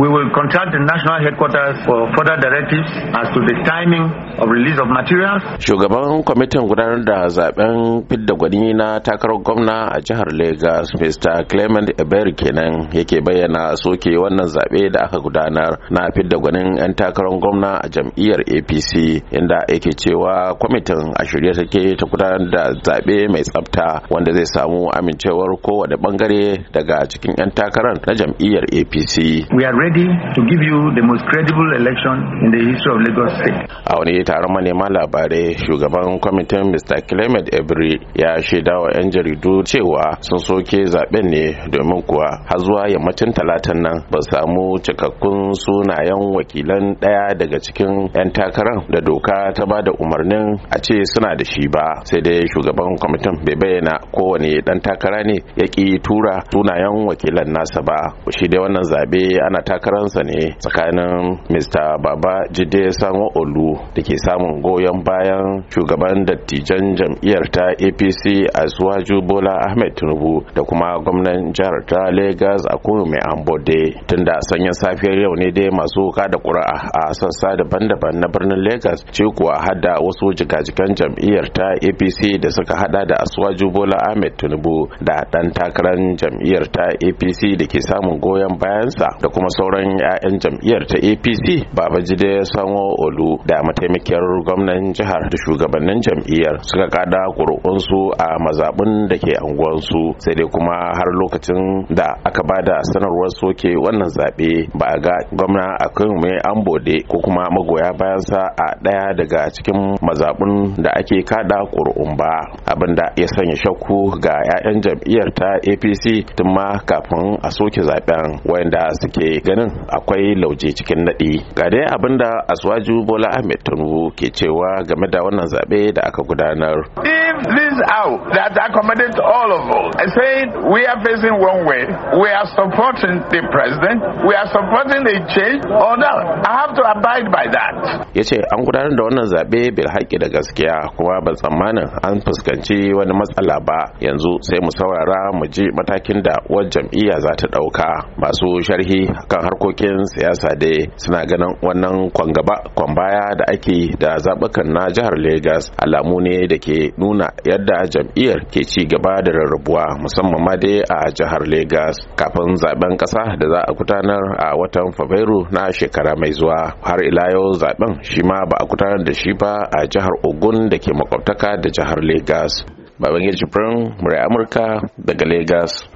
We will contact the national headquarters for further directives as to the timing of release of materials. Shugaban kwamitin gudanar da zaben fidda gwani na takarar gwamna a jihar Lagos, Mr. Clement Eber kenan yake bayyana soke wannan zabe da aka gudanar na fidda gwanin 'yan takarar gwamna a jam'iyyar APC inda yake cewa kwamitin a shirye take ta gudanar da zabe mai tsafta wanda zai samu amincewar kowane bangare daga cikin 'yan takarar na jam'iyyar APC. We are are ready to give you the most credible election in the history of Lagos State. A wani taron manema labarai shugaban kwamitin Mr. Clement Ebri ya shaida wa 'yan jaridu cewa sun soke zaben ne domin kuwa har zuwa yammacin talatan nan ba samu cikakkun sunayen wakilan daya daga cikin 'yan takarar da doka ta ba da umarnin a ce suna da shi ba sai dai shugaban kwamitin bai bayyana kowane ɗan takara ne ya ƙi tura sunayen wakilan nasa ba shi dai wannan zabe ana takararsa ne tsakanin mr baba jide sanwo olu da ke samun goyon bayan shugaban dattijan jam'iyyar ta apc asuwaju bola ahmed tinubu da kuma gwamnan jihar ta lagos a mai ambode tunda sanyin safiyar yau ne dai masu kada kura'a a sassa daban-daban na birnin lagos ce kuwa hada wasu jikajikan jam'iyyar ta apc da suka hada da asuwaju bola ahmed tinubu da dan takarar jam'iyyar ta apc da ke samun goyon bayansa da kuma kuma sauran 'ya'yan jam'iyyar ta apc babajide sanwo olu da mataimakiyar gwamnan jihar da shugabannin jam'iyyar suka kada su a mazaɓin da ke anguwansu sai dai kuma har lokacin da aka ba da sanarwar soke wannan zaɓe ba a ga gwamna a kan mai ambode ko kuma magoya bayan sa a ɗaya daga cikin mazaɓin da ake kada ƙuri'un ba abinda ya sanya shakku ga 'ya'yan jam'iyyar ta apc tun ma kafin a soke zaɓen wayanda suke ganin akwai lauje cikin naɗi ga dai abinda aswaju bola ahmed tunu ke cewa game da wannan zabe da aka gudanar eh, leave this out that accommodates all of us. I said we are facing one way. We are supporting the president. We are supporting the change or not. I have to abide by that. yace an gudanar da wannan zaɓe bil haƙƙi da gaskiya kuma ban tsammanin an fuskanci wani matsala ba yanzu sai mu saurara mu ji matakin da wajen jam'iyya za ta ɗauka. Masu sharhi kan harkokin siyasa dai suna ganin wannan kwangaba kwambaya da ake da zaɓukan na jihar Legas alamu ne da ke nuna nuna yadda a jam'iyyar ke ci gaba da rarrabuwa musamman ma dai a jihar Legas kafin zaben kasa da za a gudanar a watan Fabrairu na shekara mai zuwa har ila yau zaben shi ma ba a gudanar da shi ba a jihar Ogun da ke makwabtaka da jihar Legas. Babangir Jibrin, Murai Amurka daga Legas.